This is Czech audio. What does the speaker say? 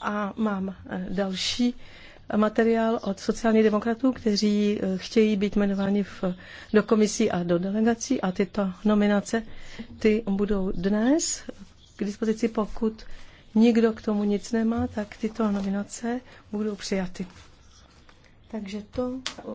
A mám eh, další materiál od sociálních demokratů, kteří eh, chtějí být jmenováni v, do komisí a do delegací a tyto nominace ty budou dnes k dispozici, pokud nikdo k tomu nic nemá, tak tyto nominace budou přijaty. Takže to